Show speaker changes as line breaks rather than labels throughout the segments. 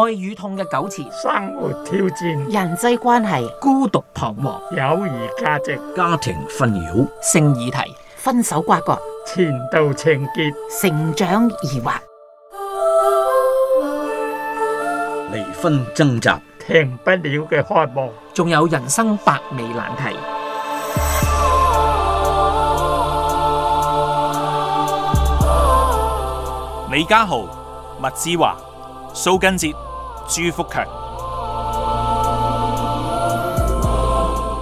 愛與痛嘅糾纏，生活挑戰，人際關係，孤獨彷徨，友誼價值，家庭紛擾，性議題，分手瓜葛，前度情結，成長疑惑，
離婚掙扎，
停不了嘅渴望，仲有人生百味難題。李家豪、麥志華、
蘇根哲。朱福強，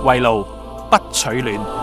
圍爐不取暖。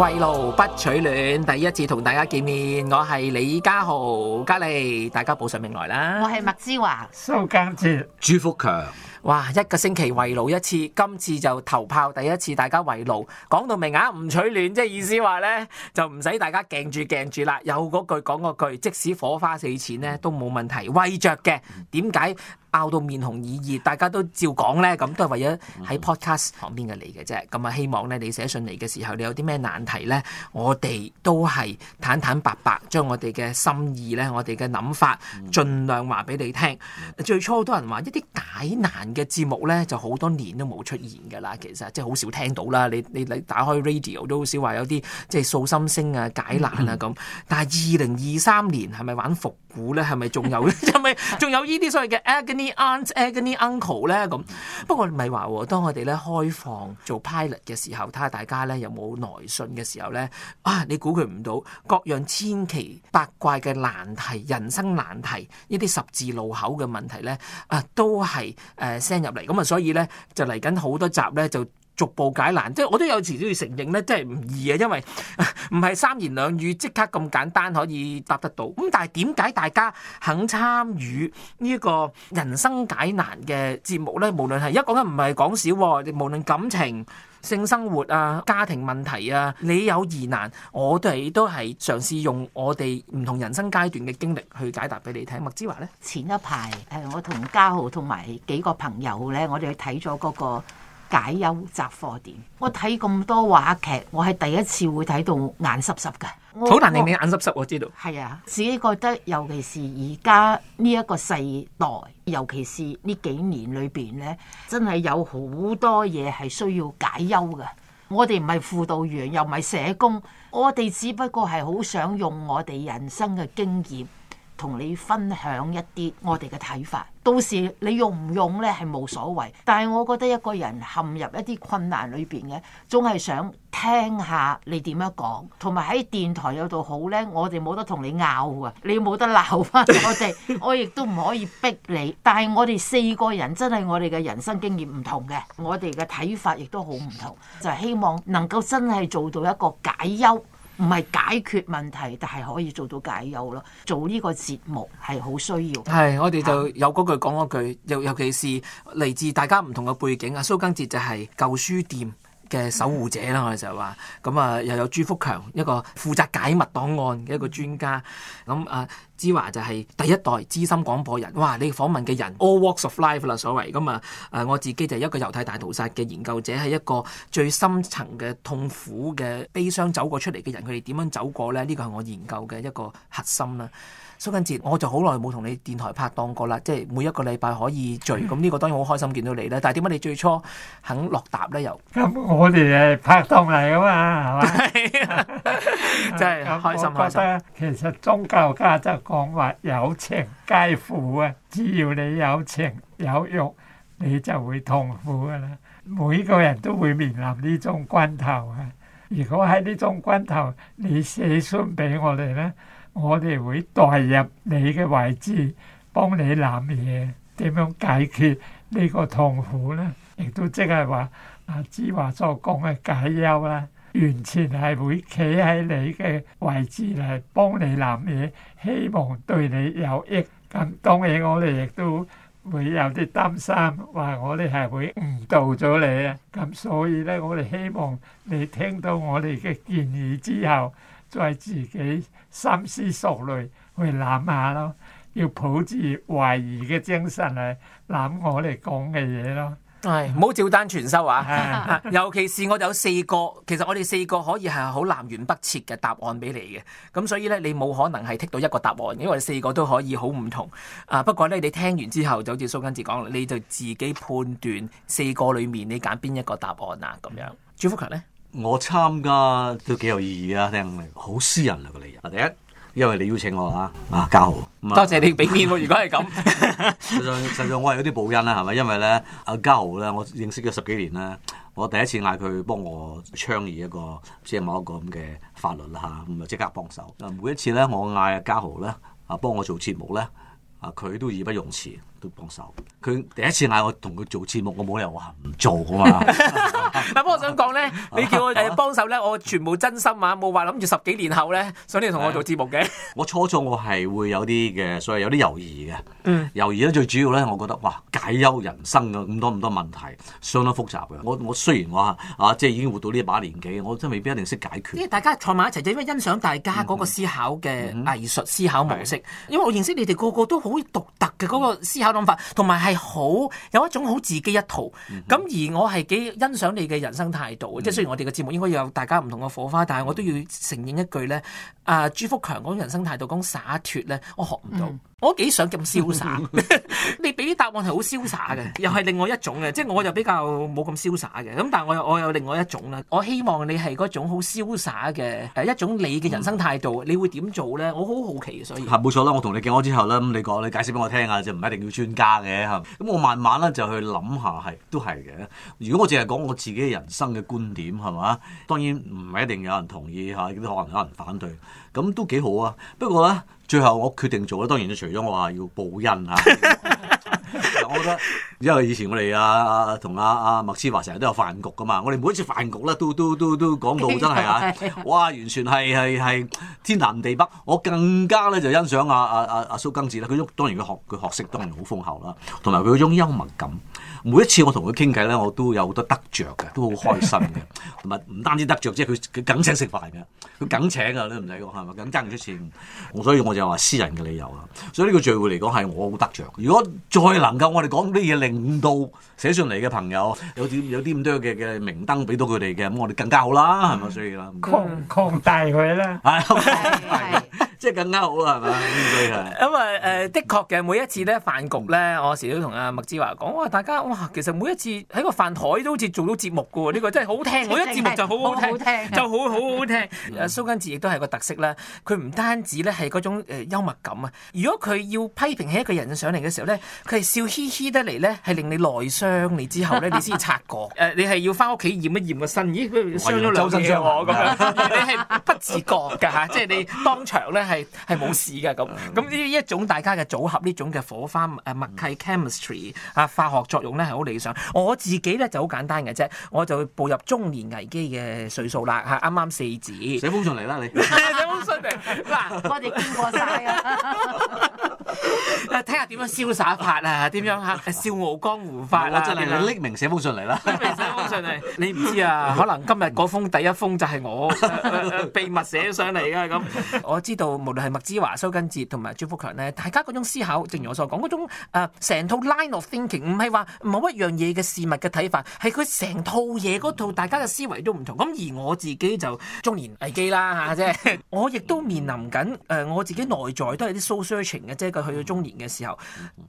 圍爐不取暖，第一次同大家見面，我係李家豪，隔籬，大家報上名來啦。我係麥之華，蘇家杰，朱福強。哇，一個星期圍爐一次，今次就頭炮第一次大家圍爐。講到明啊，唔取暖，即係意思話呢就唔使大家鏡住鏡住啦。有嗰句講嗰句，即使火花四濺呢，都冇問題。圍著嘅，點解？拗到面紅耳熱，大家都照講呢。咁都係為咗喺 podcast 旁邊嘅你嘅啫。咁啊，希望咧你寫信嚟嘅時候，你有啲咩難題呢？我哋都係坦坦白白將我哋嘅心意呢、我哋嘅諗法，盡量話俾你聽。嗯、最初好多人話一啲解難嘅節目呢，就好多年都冇出現噶啦，其實即係好少聽到啦。你你打開 radio 都好少話有啲即係訴心聲啊、解難啊咁。但係二零二三年係咪玩伏？估咧係咪仲有？係咪仲有呢啲所謂嘅 Agony Aunt、Agony Uncle 咧？咁不過唔係話喎，當我哋咧開放做 pilot 嘅時候，睇下大家咧有冇來信嘅時候咧，啊，你估佢唔到各樣千奇百怪嘅難題、人生難題、依啲十字路口嘅問題咧，啊，都係誒 send 入嚟。咁啊，所以咧就嚟緊好多集咧就。逐步解難，即係我都有時都要承認咧，真係唔易啊！因為唔係三言兩語即刻咁簡單可以答得到。咁但係點解大家肯參與呢個人生解難嘅節目呢？無論係一講緊唔係講少喎，無論感情、性生活啊、家庭問題啊，你有疑難，我哋都係嘗試用我哋唔同人生階段嘅經歷去解答俾你睇。麥之華呢，前一排誒，我同家豪同埋幾個朋友
呢，我哋去睇咗嗰個。解憂雜貨店，我睇咁多話劇，我係第一次會睇到眼濕濕嘅。好難令你眼濕濕，我知道。係啊，自己覺得，尤其是而家呢一個世代，尤其是呢幾年裏邊咧，真係有好多嘢係需要解憂嘅。我哋唔係輔導員，又唔係社工，我哋只不過係好想用我哋人生嘅經驗。同你分享一啲我哋嘅睇法，到時你用唔用呢？係冇所謂。但係我覺得一個人陷入一啲困難裏邊嘅，總係想聽下你點樣講，同埋喺電台有度好呢，我哋冇得同你拗啊，你冇得鬧翻我哋，我亦都唔可以逼你。但係我哋四個人真係我哋嘅人生經驗唔同嘅，我哋嘅睇法亦都好唔同，就係希望能夠真係做到一個解憂。唔係解決問題，但係可以做到解憂咯。做呢個
節目係好需要。係，我哋就有句講嗰句，尤尤其是嚟自大家唔同嘅背景啊。蘇根節就係舊書店嘅守護者啦，我哋就話咁啊，又有朱福強一個負責解密檔案嘅一個專家，咁、嗯、啊，之華就係第一代資深廣播人。哇！你訪問嘅人 all walks of life 啦、嗯，所謂咁啊，誒，我自己就係一個猶太大屠殺嘅研究者，係一個最深層嘅痛苦嘅悲傷走過出嚟嘅人，佢哋點樣走過呢？呢個係我研究嘅一個核心啦。蘇根哲，我就好耐冇同你電台拍檔過啦，即係每一個禮拜可以聚，咁呢個當然好開心見到你啦。但係點解你最初肯落疊咧？又、 嗯、
我哋係拍檔嚟噶嘛，係嘛？
真係好開心開心。其實宗教家就講
話有情皆苦啊，只要你有情有欲，你就會痛苦噶啦。每個人都會面臨呢種關頭啊。如果喺呢種關頭你寫信，你死心俾我哋咧。我哋會代入你嘅位置，幫你諗嘢，點樣解決呢個痛苦呢？亦都即係話阿智華所講嘅解憂啦，完全係會企喺你嘅位置嚟幫你諗嘢，希望對你有益。咁當然我哋亦都會有啲擔心，話我哋係會誤導咗你啊。咁所以呢，我哋希望你聽到我哋嘅建議之後，再自己心思熟慮去諗下咯，要抱住懷疑嘅精神去諗我哋講嘅嘢咯。
係唔好照單全收啊！ 尤其是我哋有四個，其實我哋四個可以係好南轅北轍嘅答案俾你嘅。咁所以咧，你冇可能係剔到一個答案，因為我哋四個都可以好唔同。啊，不過咧，你聽完之後就好似蘇根治講，你就自己判斷四個裏面你揀邊一個答案啊咁樣。
朱福強咧？我參加都幾有意義啊！聽，好私人啊個理由。第一，因為你邀請我啊，啊嘉豪，嗯、多謝你俾面喎。 如果係咁， 實在實在我係有啲報恩啦，係咪？因為咧，阿嘉豪咧，我認識咗十幾年啦，我第一次嗌佢幫我倡議一個即係、就是、某一個咁嘅法律啦吓，咁啊即刻幫手。每一次咧，我嗌阿嘉豪咧啊幫我做節目咧，啊佢都義不容辭。都幫手，佢第一次嗌我同佢做節
目，我冇理由話
唔做噶嘛。
不過 我想講咧，你叫我誒幫手咧，我全部真心啊，冇話諗住十幾年後咧想你同我做節目嘅。我初初我係會有啲
嘅，所以有啲猶豫嘅。嗯、猶豫咧最主要咧，我覺得哇，解憂人生啊，咁多咁多問題，相當複雜嘅。我我雖然話、啊、即係已經活到呢把年紀，我真未必一定識
解決。嗯嗯、因為大家坐埋一齊就因為欣賞大家嗰個思考嘅藝術思考模式，因為我認識你哋個個都好獨特嘅嗰、嗰個思考。嗰個思考法，同埋係好有一種好自己一套，咁、mm hmm. 而我係幾欣賞你嘅人生態度，mm hmm. 即係雖然我哋嘅節目應該有大家唔同嘅火花，但係我都要承認一句咧。啊，朱福強嗰種人生態度，講灑脱咧，我學唔到。嗯、我幾想咁瀟灑。 你俾啲答案係好瀟灑嘅，又係另外一種嘅。即係 我就比較冇咁瀟灑嘅。咁但係我有我有另外一種啦。我希望你係嗰種好瀟灑嘅，係一種你嘅人生態度。嗯、你會點做咧？我好好奇，所
以冇錯啦。我同你講咗之後咧，咁你講，你解釋俾我聽下，就唔一定要專家嘅。咁我慢慢咧就去諗下，係都係嘅。如果我淨係講我自己人生嘅觀點，係嘛？當然唔係一定有人同意嚇，可能有人反對。咁都幾好啊！不過咧，最後我決定做咧，當然除咗我話要報恩 啊。我覺得因為以前我哋阿阿同阿阿麥思華成日都有飯局噶嘛，我哋每一次飯局咧都都都都都講到真係啊！哇，完全係係係天南地北。我更加咧就欣賞阿阿阿阿蘇更治咧，佢種當然佢學佢學識當然好豐厚啦，同埋佢嗰種幽默感。每一次我同佢傾偈咧，我都有好多得着嘅，都好開心嘅。唔係唔單止得着，即係佢佢梗請食飯嘅，佢梗請啊！你唔使講係咪？梗爭唔出錢。我所以我就話私人嘅理由啦。所以呢個聚會嚟講係我好得着。如果再能夠我哋講啲嘢令到寫信嚟嘅朋友有啲有啲咁多嘅嘅明燈俾到佢哋嘅，咁我哋更加好啦，係咪？所以、嗯、啦，
擴擴 大佢他啦。
係。
即係更加好啊，
係
咪啊？應該係。因為的確嘅每一次咧飯局咧，我時都同阿麥之華講，哇！大家哇，其實每一次喺個飯台都好似做到節目嘅喎，呢個真係好聽。每一節目就好好聽，就好好好聽。蘇根治亦都係個特色啦。佢唔單止咧係嗰種幽默感啊。如果佢要批評起一個人上嚟嘅時候咧，佢係笑嘻嘻得嚟咧，係令你內傷你之後咧，你先察覺。誒，你係要翻屋企驗一驗個身，咦？傷咗兩嘢。周我咁你係不自覺㗎嚇，即係你當場咧。係係冇事噶咁，咁呢一種大家嘅組合，呢種嘅火花誒默契、嗯、chemistry 啊，化學作用咧係好理想。我自己咧就好簡單嘅啫，我就會步入中年危機嘅歲數啦，係啱啱四字。寫封信嚟啦，你
寫封信嚟嗱，我哋
見過晒！啊！睇下點樣瀟灑法啊？點樣嚇？笑傲江湖法啊！啊真係你匿
名寫封信嚟啦！匿
名寫封信嚟， 你唔知啊？可能今日嗰封第一封就係我 秘密寫上嚟嘅咁，我知道。無論係麥之華、蘇根捷同埋朱福強咧，大家嗰種思考，正如我所講嗰種成、呃、套 line of thinking，唔係話某一樣嘢嘅事物嘅睇法，係佢成套嘢嗰套大家嘅思維都唔同。咁而我自己就中年危機啦嚇，即 我亦都面臨緊誒、呃，我自己內在都係啲 soul searching 嘅，即係佢去到中年嘅時候，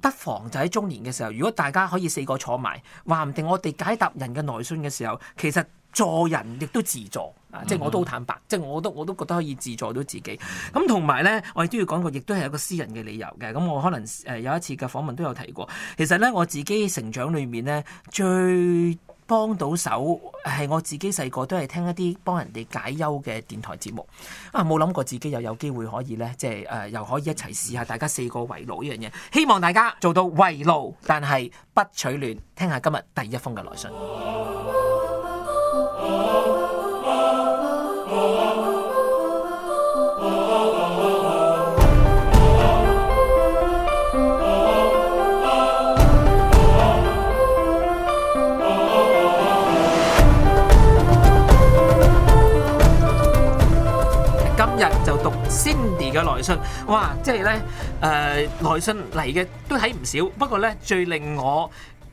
不妨 就喺中年嘅時候。如果大家可以四個坐埋，話唔定我哋解答人嘅內心嘅時候，其實助人亦都自助。即係我都好坦白，即係我都我都覺得可以自助到自己。咁同埋呢，我亦都要講過，亦都係一個私人嘅理由嘅。咁我可能誒有一次嘅訪問都有提過。其實呢，我自己成長裏面呢，最幫到手係我自己細個都係聽一啲幫人哋解憂嘅電台節目。啊，冇諗過自己又有機會可以呢，即係誒、呃、又可以一齊試下大家四個圍爐呢樣嘢。希望大家做到圍爐，但係不取暖。聽下今日第一封嘅來信。Cindy 嘅來信，哇，即係咧誒，來信嚟嘅都睇唔少。不過咧，最令我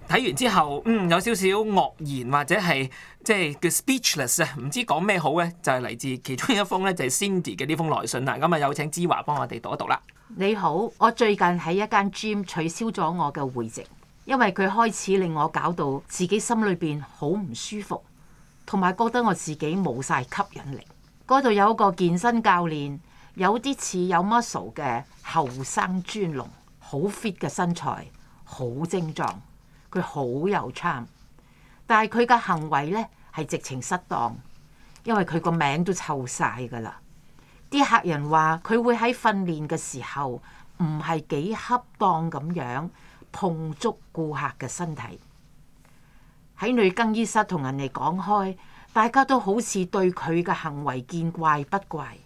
睇完之後，嗯，有少少愕然或者係即係叫 speechless 啊，唔知講咩好咧，就係、是、嚟自其中一封咧，就係、是、Cindy 嘅呢封來信啦。咁啊，有請芝華幫我哋讀一讀啦。你好，
我最近喺一間 gym 取消咗我嘅會籍，因為佢開始令我搞到自己心裏邊好唔舒服，同埋覺得我自己冇晒吸引力。嗰度有個健身教練。有啲似有 muscle 嘅後生尊龍，好 fit 嘅身材，好精壯，佢好有 charm。但係佢嘅行為呢係直情失當，因為佢個名都臭晒噶啦。啲客人話佢會喺訓練嘅時候唔係幾恰當咁樣碰觸顧客嘅身體。喺女更衣室同人哋講開，大家都好似對佢嘅行為見怪不怪。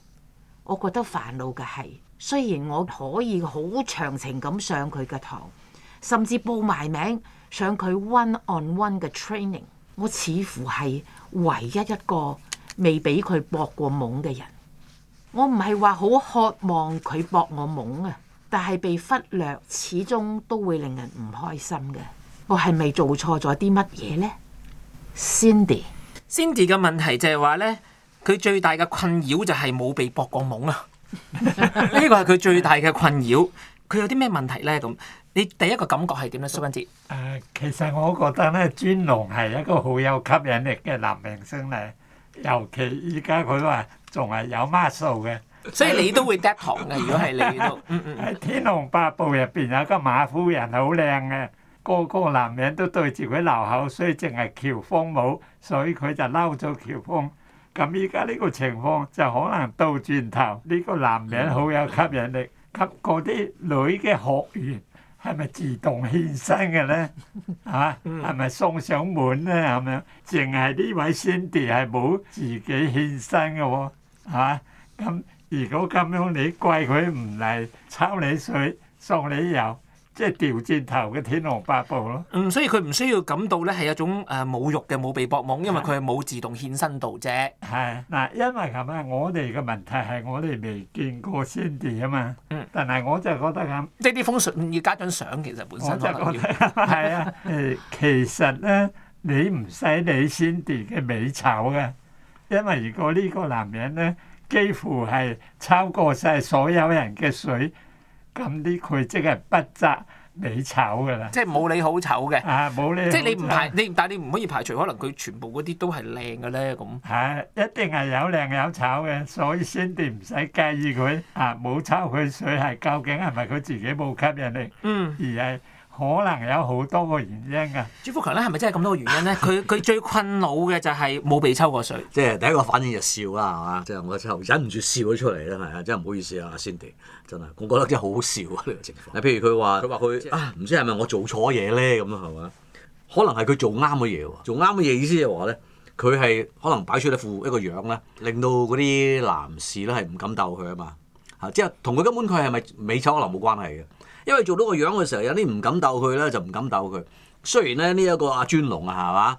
我覺得煩惱嘅係，雖然我可以好長情咁上佢嘅堂，甚至報埋名上佢 one on one 嘅 training，我似乎係唯一一個未俾佢搏過懵嘅人。我唔係話好渴望佢搏我懵啊，但係被忽略始終都會令人唔開心嘅。我係咪做錯咗啲
乜嘢呢？Cindy，Cindy 嘅問題就係話呢。佢最大嘅困擾就係冇被搏過懵啦，呢個係佢最大嘅困擾。佢有啲咩問題咧？咁你第一個感覺係點咧？蘇文哲？誒、
呃，其實我覺得咧，尊龍係一個好有吸引力嘅男明星嚟，尤其依家佢話仲係有 muscle 嘅，所以你都會得紅嘅。如果係你喺《 天龍八部》入邊有個馬夫人好靚嘅，個個男人都對住佢流口水，淨係喬峰冇，所以佢就嬲咗喬峰。咁依家呢個情況就可能倒轉頭，呢個男人好有吸引力，吸嗰啲女嘅學員，係咪自動獻身嘅咧？嚇，係咪送上門咧？咁樣，淨係呢位 Cindy 係冇自己獻身嘅喎，嚇。咁如果咁樣你跪佢唔嚟，抽你水，送你油。即係調轉頭嘅天龍八部咯。嗯，所以佢唔需要感到咧係一種誒侮辱嘅冇被搏懵，因為佢係冇自動獻身度啫。係嗱，因為咁啊，我哋嘅問題係我哋未見過 Cindy 啊嘛。嗯。但係我就覺得
咁，即係啲封信要加張相，其實本身我覺得係啊。誒，
其實咧，你唔使理 Cindy 嘅美醜嘅，因為如果呢個男人咧，幾乎係超過曬所有人嘅水。咁啲佢即係不擇美醜噶啦，即係冇你好醜嘅，啊冇你，即係你唔排你，但係你唔可以排除可能佢全部嗰啲都係靚嘅咧，咁係、啊、一定係有靚有醜嘅，所以先至唔使介意佢，啊冇抽佢水係究竟係咪佢自己冇吸引力，嗯、而係。可能有好多個原因㗎。朱福強咧係咪真係
咁多個原因咧？佢佢 最困惱嘅就係冇被抽過水，
即係 第一個反應就笑啦，係嘛？即、就、係、是、我之後忍唔住笑咗出嚟啦，係、就是就是、啊！真係唔好意思啊，Cindy，真係我覺得真係好好笑啊呢個情況。嗱，譬如佢話，佢話佢啊，唔知係咪我做錯嘢咧咁咯，係嘛？可能係佢做啱嘅嘢喎。做啱嘅嘢意思就話咧，佢係可能擺出一副一個樣咧，令到嗰啲男士咧係唔敢鬥佢啊嘛。嚇，即係同佢根本佢係咪美醜可能冇關係嘅。因為做到個樣嘅時候，有啲唔敢鬥佢咧，就唔敢鬥佢。雖然咧呢一、這個阿尊龍啊，係嘛，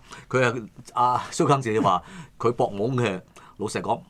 佢啊阿蘇 k i n 話佢搏懵嘅。老實講，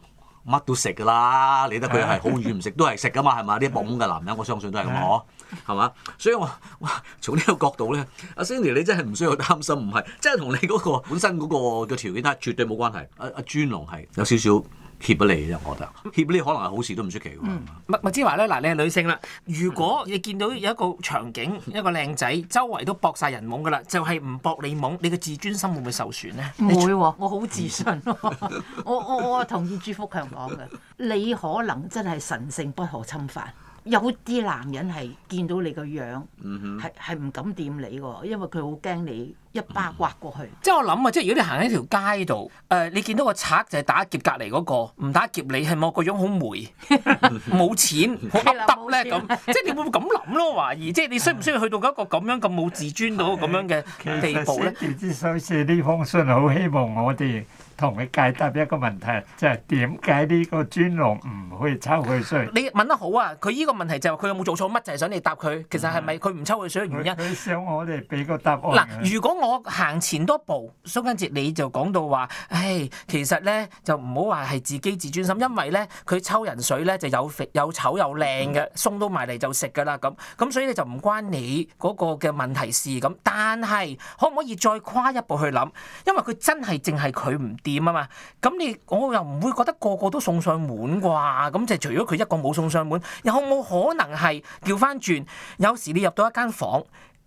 乜都食噶啦，理得佢係好遠唔食都係食噶嘛，係嘛？呢搏懵嘅男人，我相信都係咁嗬，係嘛？ 所以我哇從呢個角度咧，阿星 a 你真係唔需要擔心，唔係即係同你嗰、那個本身嗰、那個嘅條件咧，絕對冇關係。阿阿尊龍係有少少。貼俾你啫，我覺得貼俾你可能係好事都唔出奇
喎。唔係唔知話咧，嗱吧你係女性啦，如果你見到有一個場景，嗯、一個靚仔周圍都搏晒人懵嘅啦，就係唔搏你懵，你嘅自尊心會唔會受損咧？唔會喎、啊，我好自信。
我我我同意朱福強講嘅，你可能真係神聖不可侵犯。有啲男人係見到你個樣，係係唔敢掂你喎，因為佢好驚你一巴刮過
去。即係、嗯、哼 我諗啊，即係如果你行喺條街度，誒、呃、你見到個賊就係打劫隔離嗰個，唔打劫你係咪個樣好霉？冇 錢好凹凸核突咧咁，即係你會唔會咁諗咯？懷疑，即係你需唔需要去到一個咁樣咁冇自尊到咁樣嘅地步咧？其實寫
住啲書呢封信，好希望我哋。同你解答一個問題，就係點解呢個尊龍唔可以抽佢水？
你問得好啊！佢依個問題就係佢有冇做錯乜？就係、係、想你答佢。其實係咪佢唔抽佢水嘅原因？佢、嗯、想我哋俾個答案。嗱，如果我行前多步，蘇根哲你就講到話：唉，其實咧就唔好話係自己自尊心，因為咧佢抽人水咧就有有醜有靚嘅，送到埋嚟就食㗎啦咁。咁所以你就唔關你嗰個嘅問題事咁。但係可唔可以再跨一步去諗？因為佢真係淨係佢唔。點啊嘛，咁你我又唔會覺得個個都送上門啩？咁就除咗佢一個冇送上門，有冇可能係調翻轉？有時你入到一間房，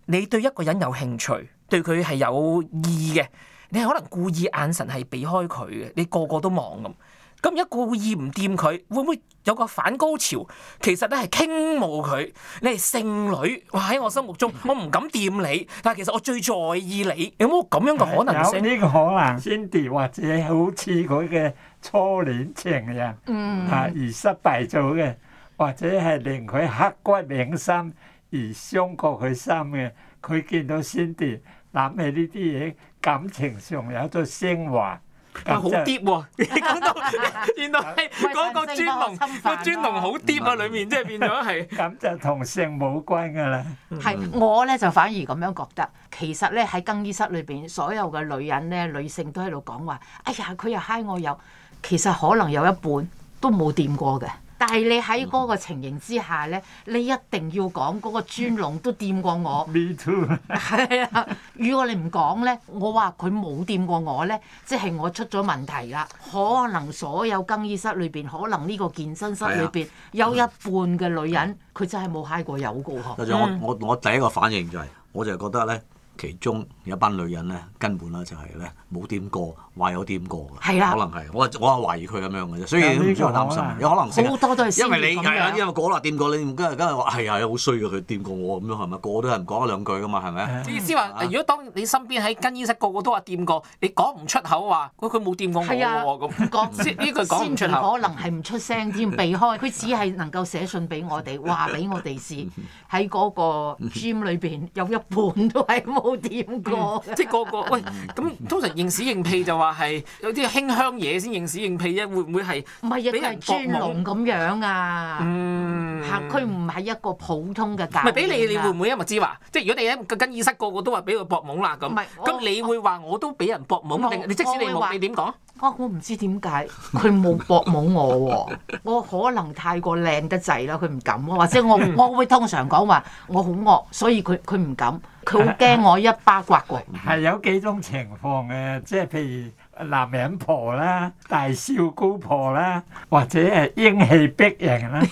你對一個人有興趣，對佢係有意嘅，你係可能故意眼神係避開佢嘅，你個個都望咁。咁一故意唔掂佢，會唔會有個反高潮？其實咧係傾慕佢，你係剩女，哇喺我心目中，我唔敢掂你，但係其實我最在意你，有冇咁樣嘅可能性？有呢個
可能，Cindy 或者好似佢嘅初戀情人，啊而失敗咗嘅，或者係令佢刻骨銘心而傷過佢心嘅，佢見到 Cindy 諗起呢啲嘢，感情上有咗昇華。好啲
喎！你講到原來係嗰個尊龍，個尊
龍好啲啊！裡面即係變咗係。 咁就同性冇關嘅啦。係
我咧就反而咁樣覺得，其實咧喺更衣室裏邊，所有嘅女人咧，女性都喺度講話，哎呀，佢又揩我油。其實可能有一半都冇掂過嘅。但係你喺嗰個情形之下咧，你一定要講嗰個尊龍都掂過我。Me too、嗯。係 啊，如果你唔講咧，我話佢冇掂過我咧，即、就、係、是、我出咗問題啦。可能所有更衣室裏邊，可能呢個健身室裏邊，有一半嘅女人佢真係冇揩過油噶、啊嗯、我我
我第一個反應就係、是，我就係覺得咧，其中有班女人咧根本啦就係咧冇掂過。話有掂過嘅，可能係我我係懷疑佢咁樣嘅啫，所以唔好擔心。有可能好多都係因為你係啊，因為掂過你，今日今日話係啊，好衰嘅佢
掂過我咁樣係咪？個個都係唔講一兩句㗎嘛，係咪？意思話，如果當你身邊喺更衣室個個都話掂過，你講唔出口話佢冇掂過我喎咁講，呢句先唔可能
係唔出聲添，避開佢只係能夠寫信俾我哋話俾我哋知喺嗰個 gym 裏邊有一半都係冇掂過。即係
個個喂咁通常認屎認屁就話。話係有啲輕香嘢先認屎認屁，啫，會唔會係？唔係啊，俾人尊龍
咁樣啊！嗯，客區唔係一個普通嘅價、啊。唔係俾你，你會唔會一目
之話？即係如果你喺更衣室個個都話俾佢搏懵啦咁，咁你會話我都俾人搏懵？定我即使你你點講？我我唔知點解
佢冇搏懵
我喎、啊，
我可能太過靚得滯啦，佢唔敢、啊，或者我我，我會通常講話我好惡，所以佢佢唔敢。佢好驚我一巴刮過、
哦。係有幾種情況嘅，即係譬如男人婆啦、大笑姑婆啦，或者係英氣逼 人啦、 啊，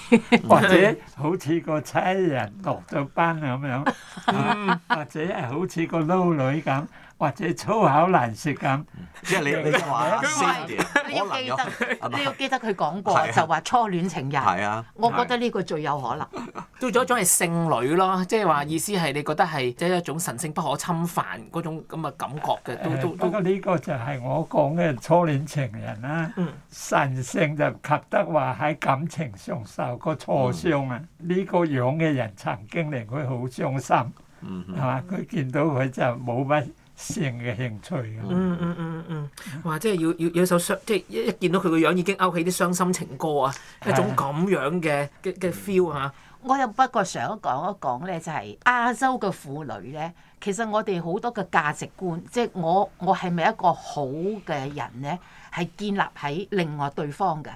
或者好似個差人落咗班咁樣，或者係好似個撈女咁。或者粗口難説咁，即係你你話先，
你要記得你要記得佢
講過，就
話初戀情人，
我覺得
呢個最有可能，到咗一種係聖女咯，即係話意思係你覺得係即係一種神聖不可侵犯嗰種咁嘅感覺嘅，都都不
過呢個就係我講嘅初戀情人啦，神聖就及得話喺感情上受過挫傷啊，呢個樣嘅人曾經令佢好傷心，係嘛？佢見到佢就冇乜。私人嘅興
趣咁、啊嗯。嗯嗯
嗯嗯，
哇！即係要要有首傷， 即係一一見到佢個樣已經勾起啲傷心情歌啊，一種咁樣嘅嘅嘅 feel 啊！我又不過想講一
講咧，就係、是、亞洲嘅婦女咧，其實我哋好多嘅價值觀，即係我我係咪一個好嘅人咧，係建立喺另外對方嘅，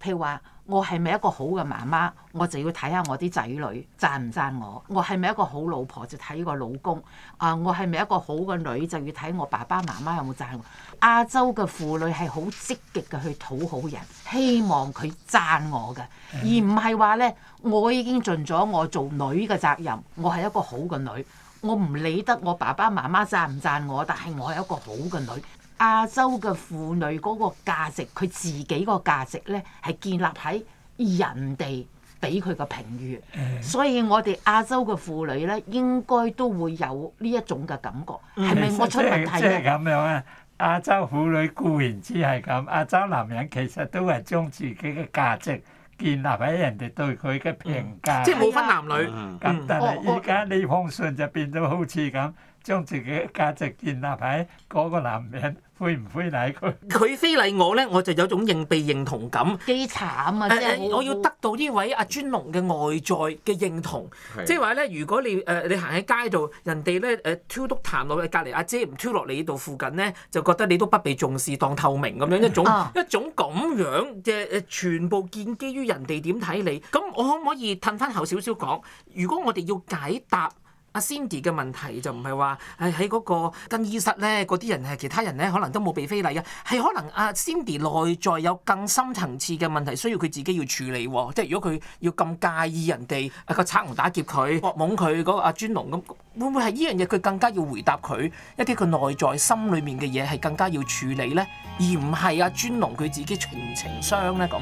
譬如話。我係咪一個好嘅媽媽？我就要睇下我啲仔女讚唔讚我。我係咪一個好老婆？就睇個老公。啊，我係咪一個好嘅女？就要睇我爸爸媽媽有冇讚我。亞洲嘅婦女係好積極嘅去討好人，希望佢讚我嘅，而唔係話咧，我已經盡咗我做女嘅責任，我係一個好嘅女，我唔理得我爸爸媽媽讚唔讚我，但係我係一個好嘅女。亞洲嘅婦女嗰個價值，佢自己個價值咧，係建立喺人哋俾佢嘅評語。嗯、所以，我哋亞洲嘅婦女咧，應該都會有呢一種嘅感覺。係咪、嗯、我出問題即係咁
樣啊！亞洲婦女固然之係咁，亞洲男人其實都係將自己嘅價值建立喺人哋對佢嘅評價。嗯、即係冇分男女。咁但係依家呢封信就變咗好似咁。將自己嘅價值建立喺嗰
個男人，非唔非禮佢？佢非禮我咧，我就有種認被認同感，幾慘啊、即係我呃！我要得到呢位阿尊龍嘅外在嘅認同，即係話咧，如果你誒、呃、你行喺街度，人哋咧誒挑督痰落去隔籬阿姐唔挑落你呢度附近咧，就覺得你都不被重視，當透明咁樣一種、啊、一種咁樣嘅誒、呃，全部建基於人哋點睇你。咁我可唔可以褪返後少少講？如果我哋要解答？阿 Cindy 嘅問題就唔係話係喺嗰個更衣室咧，嗰啲人係其他人咧，可能都冇被非禮嘅，係可能阿、啊、Cindy 內在有更深層次嘅問題，需要佢自己要處理喎、哦。即係如果佢要咁介意人哋個、啊、賊奴打劫佢、惡懵，佢、那、嗰個阿、啊、尊龍咁，會唔會係呢樣嘢佢更加要回答佢一啲佢內在心裏面嘅嘢係更加要處理咧，而唔係阿尊龍佢自己情情傷咧咁。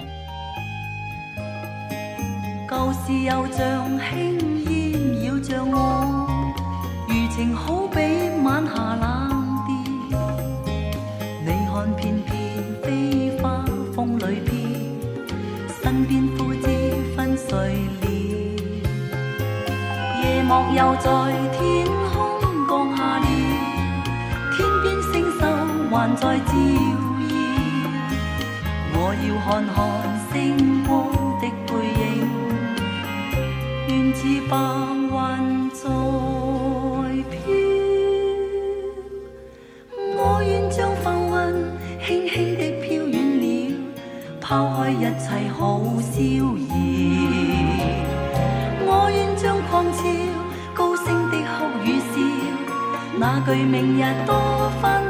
又像輕易像我餘情好比晚霞冷掉，你看片片飛花風裏飄，身邊枯枝分碎了。夜幕又在天空降下了，天邊星宿還在照耀。我要看看星。似 白雲在飄，我願將浮雲輕輕的飄遠了，拋開一切好逍遙。我願將狂潮高聲的哭與笑，那句、嗯「明日多紛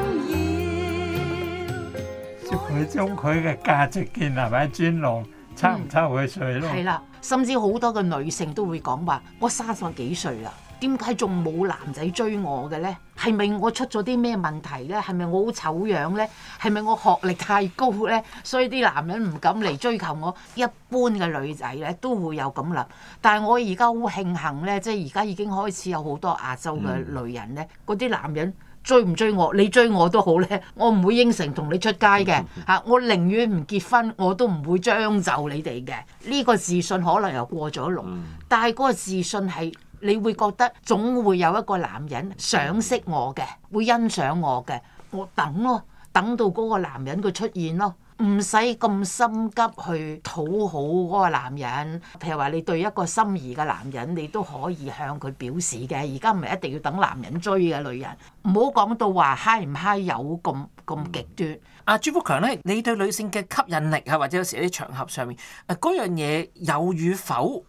擾。
祝佢將佢嘅價值建立喺磚路，撐唔撐佢稅咯？係啦。
甚至好多嘅女性都會講話：我三十幾歲啦，點解仲冇男仔追我嘅咧？係咪我出咗啲咩問題咧？係咪我好醜樣咧？係咪我學歷太高咧？所以啲男人唔敢嚟追求我？一般嘅女仔咧都會有咁諗。但係我而家好慶幸咧，即係而家已經開始有好多亞洲嘅女人咧，嗰啲、嗯、男人。追唔追我？你追我都好咧，我唔會應承同你出街嘅，嚇！我寧願唔結婚，我都唔會將就你哋嘅。呢個自信可能又過咗籠，但係嗰個自信係你會覺得總會有一個男人賞識我嘅，會欣賞我嘅，我等咯，等到嗰個男人佢出現咯。唔使咁心急去討好嗰個男人，譬如話你對一個心儀嘅男人，你都可以向佢表示嘅。而家唔係一定要等男人追嘅女人，唔好講到話嗨唔嗨
有咁咁極端。阿、啊、朱福強呢，你對女性嘅吸引力啊，或者有時喺啲場合上面，嗰樣嘢有與否，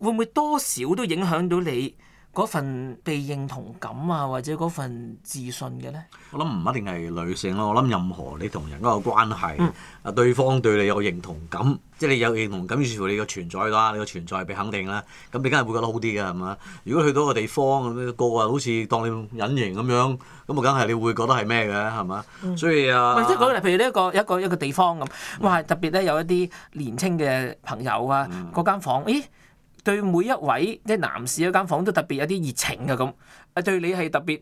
會唔會多少都影響到你？嗰份被認同感啊，或者嗰份自信嘅咧，我諗唔一定
係女性咯。我諗任何你同人嗰個關係，啊、嗯、對方對你有認同感，嗯、即係你有認同感，於是乎你嘅存在啦，你嘅存在被肯定啦，咁你梗係會覺得好啲嘅，係嘛？如果去到一個地方咁樣個話，好似當你隱形咁樣，咁啊，梗係你會覺得係咩嘅，係嘛？嗯、所以啊，
即係嗰例如呢、這個、一個一個一個地方咁，哇！特別咧有一啲年青嘅朋友啊，嗰間房，咦、嗯？嗯對每一位即係男士嗰間房都特別有啲熱情嘅咁，啊，對你係特別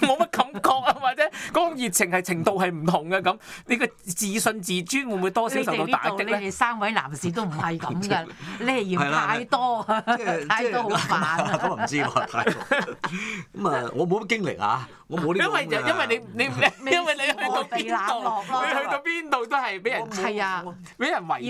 冇乜 感覺啊，或者嗰種熱情係程度係唔同嘅咁，你個自信自尊會唔會多少受到打擊呢？你哋呢度你哋
三位男士都唔係咁嘅，你哋嫌太多， 太多好煩。咁唔知喎，
咁啊，我冇乜經歷啊。因為就因
為你你因為你去到邊度，你去到邊度都係俾人係啊，俾人圍住，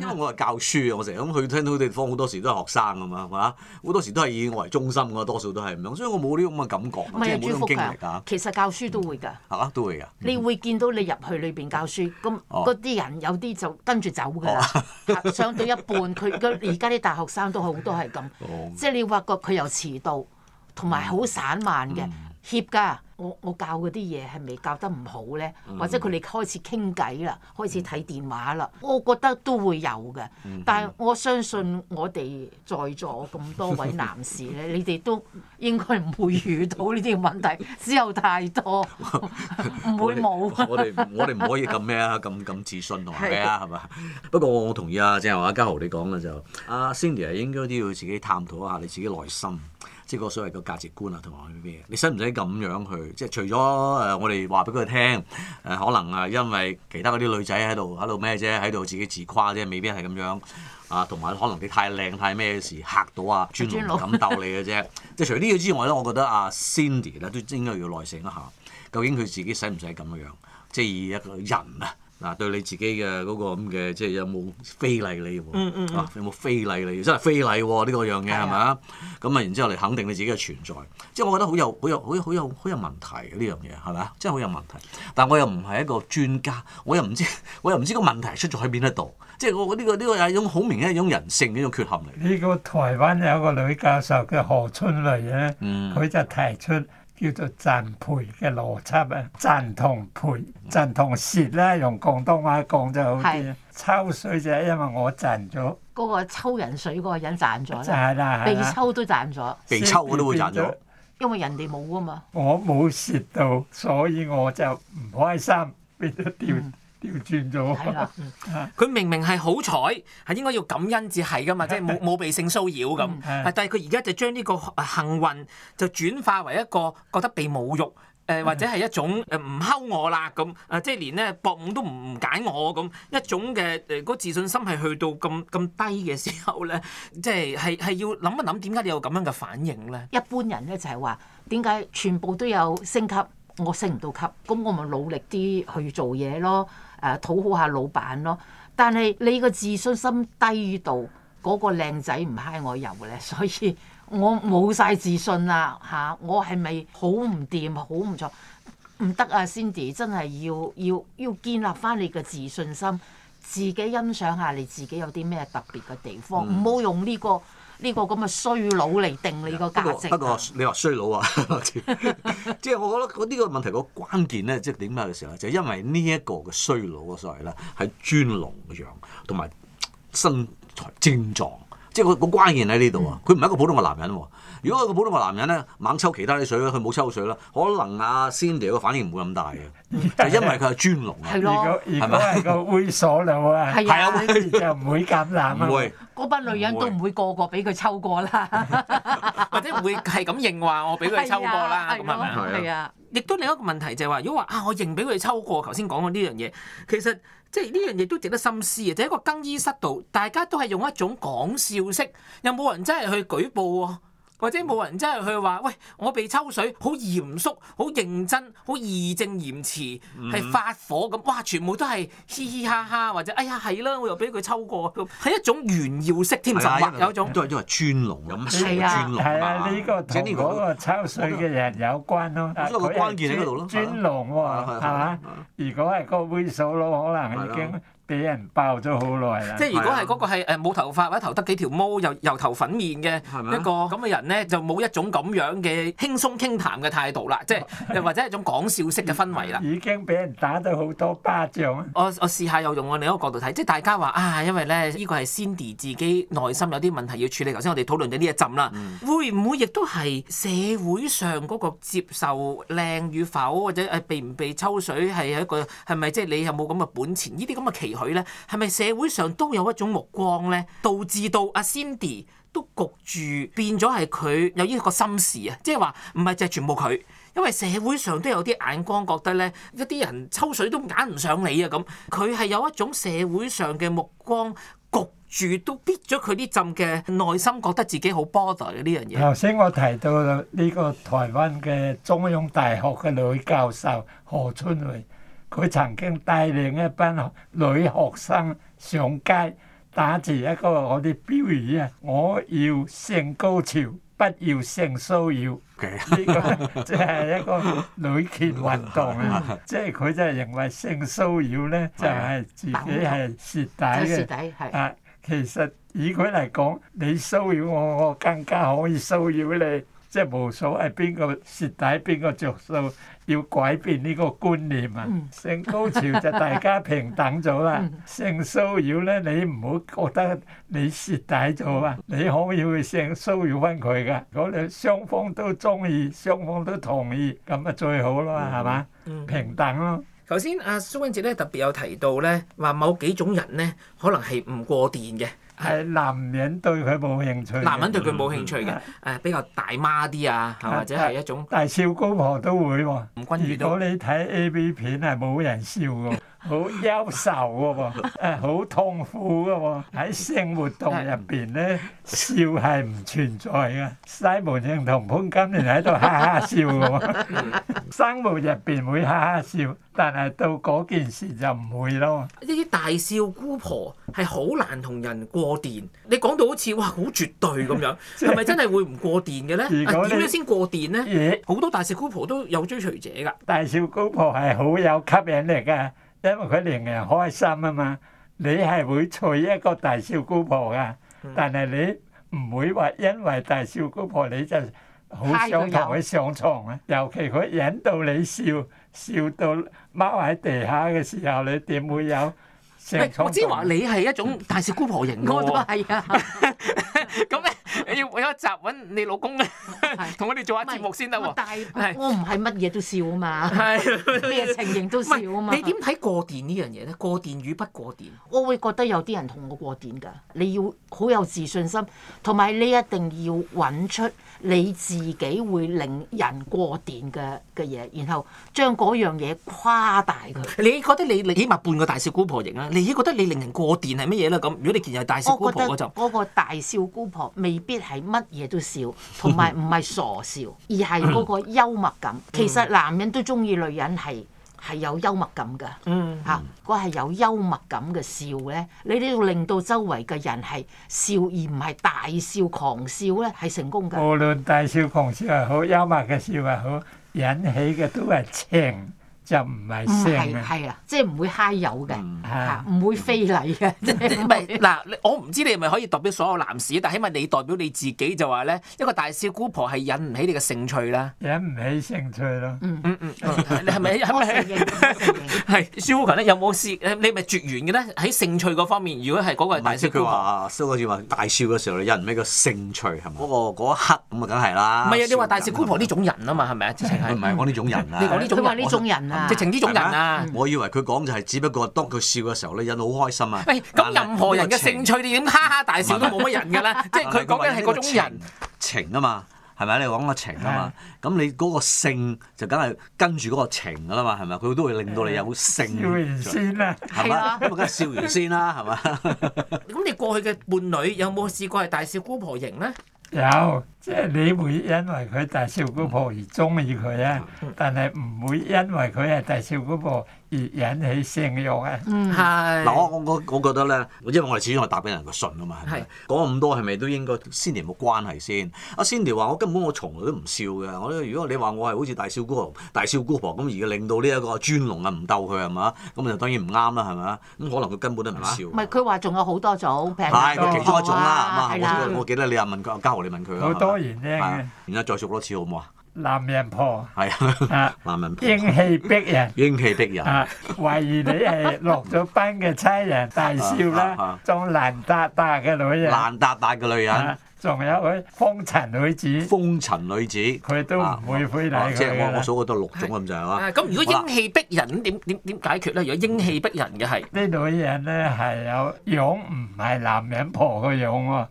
因為
我係教書啊，我成日去聽到啲地方好多時都係學生咁啊嘛，好多時都係以我為中心嘅，多數都係咁，所以我冇呢咁嘅感覺，即係冇咁嘅經歷㗎。
其實教書都會㗎嚇，
都會㗎。你
會見到你入去裏邊教書，咁嗰啲人有啲就跟住走㗎啦。上到一半，佢而家啲大學生都好多係咁，即係你發覺佢又遲到，同埋好散漫嘅。協㗎，我我教嗰啲嘢係咪教得唔好咧？或者佢哋開始傾偈啦，嗯、開始睇電話啦，我覺得都會有嘅。但係我相信我哋在座咁多位男士咧，嗯嗯、你哋都應該唔會遇到呢啲問題，只 有太多
唔會冇。我哋我哋唔可以咁咩啊？咁咁自信同咩啊？係咪的？不過我同意啊，正話啊，嘉豪你講嘅就阿 Cindy 應該都要自己探討下你自己內心。即係個所謂嘅價值觀啊，同埋啲咩？你使唔使咁樣去？即係除咗誒、呃，我哋話俾佢聽誒，可能啊，因為其他嗰啲女仔喺度，喺度咩啫？喺度自己自誇啫，未必係咁樣啊。同埋可能你太靚太咩事嚇到啊，專門唔敢鬥你嘅啫。即係 除咗呢啲之外咧，我覺得阿、啊、Cindy 咧都應該要內省一下，究竟佢自己使唔使咁樣？即係以一個人啊。嗱、啊，對你自己嘅嗰、那個咁嘅，即係有冇非禮你？嚇、嗯嗯啊，有冇非禮你？真係非禮喎、啊，呢、這個樣嘢係咪啊？咁啊、嗯，吧然之後你肯定你自己嘅存在，即係我覺得有好有好有好有好有好有問題嘅呢樣嘢，係咪啊？這個、真係好有問題。但我又唔係一個專家，我又唔知，我又唔知個問題出咗喺邊一度。即係我我呢、這個呢、這個係一、這個、種好明顯一種人性嘅一種缺陷嚟。
呢個台灣有一個女教授叫何春蕤咧，佢就提出。叫做賺賠嘅邏輯啊，賺同賠，賺同蝕咧，用廣東話講就好啲。係，抽水就係因為我賺咗，
嗰個抽人水嗰個人賺咗，係啦，被抽都賺咗，係，被抽都會賺咗，因為人哋冇啊嘛。
我冇蝕到，所以我就唔開心，變咗點。嗯轉咗，
佢明明係好彩，係應該要感恩至係噶嘛，即係冇冇被性騷擾咁。但係佢而家就將呢個幸運就轉化為一個覺得被侮辱，誒或者係一種誒唔溝我啦咁，誒即係連咧搏懵都唔解我咁一種嘅誒、嗰個、自信心係去到咁咁低嘅時候咧，即係係係要諗一諗點解你有咁樣嘅反應咧？一般人咧就係話點解全部都有升級，我升唔到級，咁我
咪努力啲去做嘢咯。誒討好下老闆咯，但係你個自信心低到嗰、那個靚仔唔揩我油咧，所以我冇晒自信啦嚇、啊，我係咪好唔掂好唔錯？唔得啊，Cindy，真係要要要建立返你嘅自信心，自己欣賞下你自己有啲咩特別嘅地方，唔好、嗯、用呢、這個。呢個咁嘅衰佬嚟定你個價值？不過
你話衰佬啊，即係 我覺得呢個問題個關鍵咧，即係點解嘅時候，就係為呢，就係、因為呢一個嘅衰佬嘅所謂咧，係尊龍嘅樣同埋身材精壯。即係個好關鍵喺呢度啊！佢唔係一個普通嘅男人喎。如果係個普通嘅男人咧，猛抽其他啲水咧，佢冇抽水啦，可能阿 Cindy 嘅反應唔會咁大嘅，就因為佢係尊龍啊，而家而家係個
猥瑣佬啊，係啊，就
唔
會咁
難
啊，唔會嗰班女人都唔會個個俾佢抽過啦，
或者唔會係咁認話我俾佢抽過啦，咁係咪啊？係啊，亦都另一個問題就係話，如果話啊，我認俾佢抽過，頭先講過呢樣嘢，其實。即係呢樣嘢都值得深思嘅，就係、一個更衣室度，大家都係用一種講笑式，又有冇人真係去舉報啊？或者冇人真係去話，喂！我被抽水，好嚴肅，好認真，好義正言辭，係發火咁。哇！全部都係嘻嘻哈哈，或者哎呀係啦，啊，我又俾佢抽過，係一種炫耀式添，就係有種都係因為尊龍咁係尊龍啊，呢個同呢個抽水嘅人有關咯，因
為個關鍵喺嗰度咯。尊龍喎，係嘛，啊？如果係個猥瑣佬，可能已經、啊。俾人爆咗好耐啦！即係如果係
嗰個係冇頭髮或者頭得幾條毛又油頭粉面嘅一個咁嘅嗎人咧，就冇一種咁樣嘅輕鬆傾談嘅態度啦，即係又或者係一種講笑式嘅氛圍啦。 已
經俾人打得好多巴掌。
我我試下又用我另一個角度睇，即係大家話啊，因為咧呢、呢個係 Cindy 自己內心有啲問題要處理。頭先我哋討論緊呢一陣啦，會唔會亦都係社會上嗰個接受靚與否，或者誒被唔被抽水係一個係咪即係你有冇咁嘅本錢？呢啲咁嘅奇。佢咧係咪社會上都有一種目光咧，導致到阿 Cindy 都焗住變咗係佢有呢個心事啊？即係話唔係淨係全部佢，因為社會上都有啲眼光覺得咧，一啲人抽水都揀唔上你啊咁。佢係有一種社會上嘅目光焗住都逼咗佢呢陣嘅內心，覺得自己好 border 呢樣嘢。頭
先我提到呢個台灣嘅中央大學嘅女教授何春梅。佢曾經帶領一班女學生上街，打住一個我啲標語啊！我要性高潮，不要性騷擾。呢 Okay. 個即係一個女權運動啊！ 即係佢就認為性騷擾咧，就係、是、自己係蝕底嘅。 啊，其實以佢嚟講，你騷擾我，我更加可以騷擾你。即係無所謂邊個蝕底，邊個着數。要改變呢個觀念啊！嗯、性高潮就大家平等咗啦。嗯、性騷擾咧，你唔好覺得你蝕底咗啊！嗯、你可以去性騷擾返佢㗎，嗰兩
雙方都中意，雙方都同意，咁啊最好啦，係嘛、嗯？平等咯。頭先阿蘇文哲咧特別有提到咧，話某幾種人咧可能係唔過電嘅。係男人對佢冇興趣，男人對佢冇興趣嘅，誒、啊、比較大媽啲啊，或者係一種，
但係笑姑婆都會喎。關如果你睇 AV 片係冇人笑㗎喎。嗯好憂愁嘅喎，誒好痛苦嘅喎，喺性活動入邊咧笑係唔存在嘅。西門慶同潘金蓮喺度哈哈笑嘅喎，生活入邊會哈哈笑，
但係到嗰件事就唔會咯。呢啲大笑姑婆係好難同人過電，你講到好似哇好絕對咁樣，係咪真係會唔過電嘅咧？點樣先過電咧？好多大笑姑婆都有追隨者㗎。大笑姑婆係好
有吸引力㗎。因為佢令人開心啊嘛，你係會娶一個大笑姑婆噶，但係你唔會話因為大笑姑婆你就好想同佢上床，啊，尤其佢引到你笑，笑到踎喺地下嘅時候，你點會有？我知話你係一種大笑姑
婆型嘅喎，係啊，咁咧、 啊、 要有一集揾你老公咧，同 是我哋做下節目先得喎。
我唔係乜嘢都笑啊嘛，咩是情形都笑啊嘛。 是 你點睇過電呢樣嘢咧？過電與不過電，我會覺得有啲人同我過電㗎。你要好有自信心，同埋你一定要揾出你
自己會令人過電嘅嘅嘢，然後將嗰樣嘢誇大佢。 你覺得你你起碼半個大笑姑婆型啦。你自己覺得你令人過電係乜嘢啦？咁如果你見人大笑姑婆，我覺得嗰個大笑姑婆未必係乜嘢都笑，同埋唔
係傻笑， 而係嗰個幽默感。其實男人都中意女人係係有幽默感噶嚇，嗰係 有幽默感嘅笑咧，你都要令到周圍嘅人係笑而唔係大笑狂笑咧，係成功嘅。無
論大笑狂笑又好，幽默嘅笑又好，引起嘅都係情。就唔
係聲啊！係
啊，即係唔會揩油嘅，
唔
會非禮
嘅。即係咪嗱？我唔知你係咪可以代表所有男士，但起碼你代表你自己就話咧，一個大笑姑婆係引唔起你嘅興趣啦。引唔起興趣咯。嗯嗯嗯。你係咪？係孫富強咧？有冇試？你咪絕緣嘅咧？喺興趣嗰方面，如果係嗰個大笑，佢話，
孫富強話大笑嘅時候引唔起個興趣係嘛？嗰個嗰一刻咁啊，梗係啦。唔係啊！你話大
笑姑婆呢種人啊嘛，係咪啊？直情係。
唔係我呢種人啊！你呢種話
呢種人啊！直情呢
種人啊！我以為佢講就係只不過當佢笑嘅時候咧，引得好開心啊！喂，咁任何人嘅性趣你
咁哈哈大笑都冇乜人㗎啦！即係佢講緊係嗰種人
情啊嘛，係咪？你講個情啊嘛，咁你嗰個性就梗係跟住嗰個情㗎啦嘛，係咪？佢都會令到你
有性。笑完先啦，係嘛？咁梗係笑完先啦，係嘛？咁你過去嘅伴侶有冇試過係大笑姑婆型咧？
有。即係你會因為佢大笑姑婆而中意佢咧，嗯、但係唔會因為佢係大笑姑婆而引起性慾咧、啊。嗯，嗱、嗯，
我我我我覺得咧，因為我哋始終係答俾人個信啊嘛，係咪？講咁是多係咪都應該先釐冇關係先？阿 Cindy 話：我根本我從來都唔笑嘅。我咧，如果你話我係好似大笑姑婆、大笑姑婆咁而令到呢一個尊龍啊唔鬥佢係嘛？咁就當然唔啱啦，係嘛？咁可能佢根本都唔笑。唔
係，佢話仲有好多
種，
係佢嗎其中一種啦。
啦，的我記得你又問佢阿嘉豪，你問佢然之後再熟多次好唔好啊？
男人婆
係 啊，男人婆英氣逼人，英氣逼人，
懷疑你係落咗班嘅差人大笑啦，仲爛達達嘅女人，爛達
達嘅女人，仲、啊、有位風塵女子，風塵女子，佢都唔會會嚟嘅。我我數過都六種，咁就係啦。咁如果英氣
逼人咁點點解決咧？如果英氣逼人嘅係呢啲女人咧，係有樣唔係
男人婆嘅樣喎。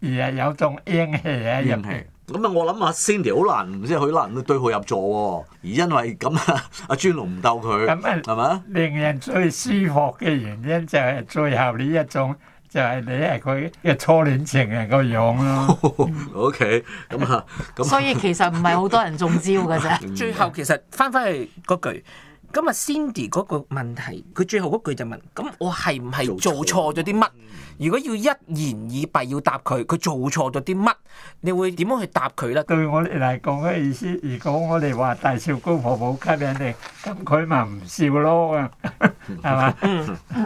而係有種英氣嘅人氣，
咁啊、嗯！我諗阿 Cindy 好難，唔知佢難唔對號入座喎、哦。而因為咁啊，阿尊龍唔鬥佢，咁啊、嗯，係嘛吧？
令人最舒服嘅原因就係最後呢一種，就係、是、你係佢嘅初戀情人個樣咯。OK，咁啊，所以其
實唔係好多人中招㗎啫。最後其實翻返去嗰句，咁啊，Cindy 嗰個問題，佢最後嗰句就問：咁我係唔係做錯咗啲乜？如果要一言以蔽，要答佢，佢做錯咗啲乜？你會點樣去答佢咧？對
我哋嚟講嘅意思，如果我哋話大少高婆婆吸引你，咁佢咪唔笑咯？係
嘛？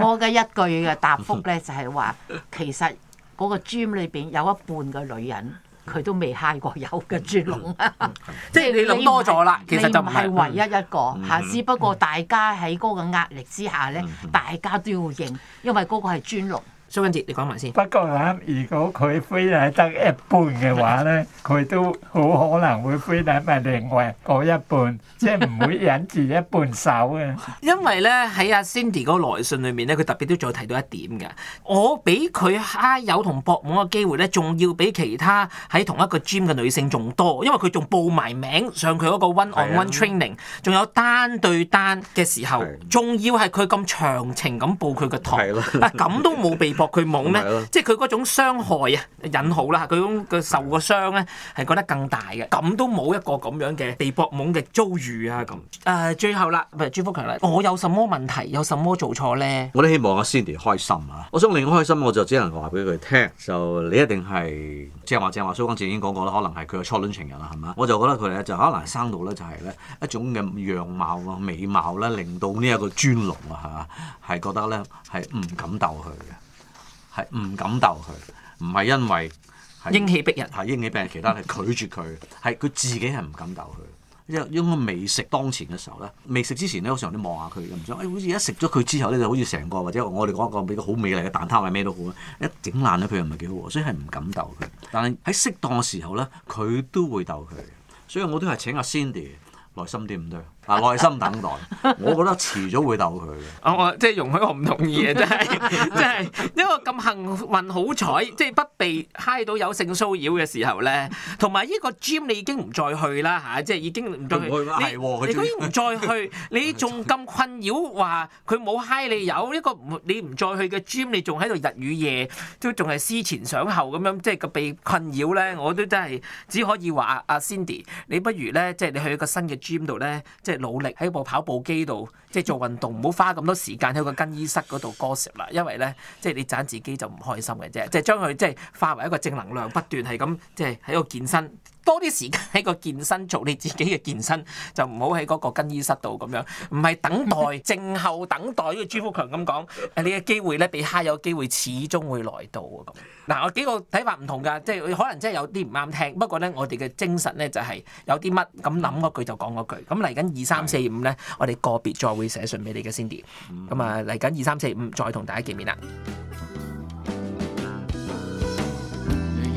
我嘅一句嘅答覆咧，就係話其實嗰個 gym 裏邊有一半嘅女人，佢都未揩過油嘅專龍
啊！即係你諗多咗啦，其實就唔係唯一一
個嚇，只不過大家喺嗰個壓力之下咧，大家都要認，因為嗰個係專龍。蘇君捷，你講埋
先。不過、啊，如果佢非禮得一半嘅話咧，佢都好可能會非禮埋另外嗰一,一半，即係唔會忍住一半手啊。
因為咧喺阿 Cindy 個來信裏面咧，佢特別都再提到一點㗎，我畀佢揩油同搏懵嘅機會咧，仲要比其他喺同一個 gym 嘅女性仲多，因為佢仲報埋名上佢嗰個 one-on-one on one training，仲的有單對單嘅時候，仲的要係佢咁長情咁報佢個堂，嗱咁都冇被。 啊搏佢懵咧，嗯、即係佢嗰種傷害啊、引號啦佢種個受個傷咧係覺得更大嘅，咁都冇一個咁樣嘅被搏懵嘅遭遇啊咁。誒、呃，最後啦，唔係朱福強啦，我有什麼問題，有什麼做錯咧？
我都希望阿 Cindy 開心啊！我想令佢開心，我就只能話俾佢聽，就你一定係正話正話，蘇光正已經講過啦，可能係佢嘅初戀情人啦，係嘛？我就覺得佢咧就可能生到咧就係咧一種嘅樣貌啊、美貌咧，令到呢一個尊龍啊嚇係覺得咧係唔敢鬥佢嘅。唔敢鬥佢，唔係因為英氣逼人，係英氣逼人其他係拒絕佢，係佢自己係唔敢鬥佢。因為因為未食當前嘅時候咧，未食之前咧，有時候你望下佢又唔想，好似一食咗佢之後咧，就好似成個或者我哋講一個比較好美麗嘅蛋撻，或咩都好，一整爛咗佢，又唔係幾好，所以係唔敢鬥佢。但係喺適當嘅時候咧，佢都會鬥佢，所以我都係請阿 Cindy 耐心啲，唔對。啊！耐心等待，我覺得遲早會鬥佢嘅。我即係容許我唔同意啊！真係，真
係，因為咁幸運，好彩，即係不被嗨到有性騷擾嘅時候咧。同埋呢個 gym 你已經唔再去啦嚇，即係已經唔再去。你已經唔再去，你仲咁困擾，話佢冇嗨你有呢個，你唔再去嘅 gym，你仲喺度日與夜都仲係思前想後咁樣，即係個被困擾咧。我都真係只可以話阿 Cindy，你不如咧，即係你去一個新嘅 gym 度咧。即係努力喺部跑步機度，即係做運動，唔好花咁多時間喺個更衣室嗰度 gossip 啦。因為咧，即係你盞自己就唔開心嘅啫，即係將佢即係化為一個正能量，不斷係咁即係喺度健身。多啲時間喺個健身做你自己嘅健身，就唔好喺嗰個更衣室度咁樣。唔係等待，靜候 等待。呢個朱福強咁講，你嘅機會咧，俾蝦有機會，始終會來到嗱，啊，我幾個睇法唔同㗎，即係可能真係有啲唔啱聽。不過咧，我哋嘅精神咧就係、是、有啲乜咁諗嗰句就講嗰句。咁嚟緊二三四五咧，的我哋個別再會寫信俾你嘅，Cindy。咁啊，嚟緊二三四五再同大家見面啦。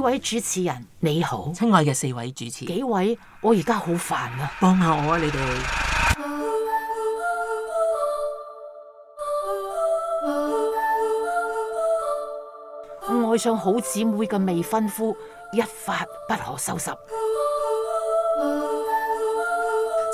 幾位主持人你好，親愛嘅四位主持，幾位我而家好煩啊，幫下我啊你哋，愛上好姊妹嘅未婚夫，一發不可收拾。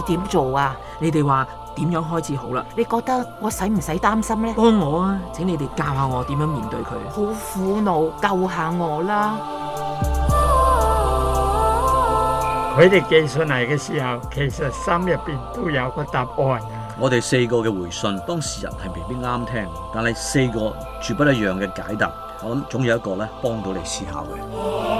你點做啊？你哋話點樣開始好啦？你覺得我使唔使擔心咧？幫我啊，請你哋教下我點樣面對佢。
好苦惱，救下我啦！佢哋 寄信嚟嘅時候，其實心入邊都有個答案。
我哋四個嘅回信，當事人係未必啱聽，但係四個絕不一樣嘅解答，我諗總有一個咧幫到你試下嘅。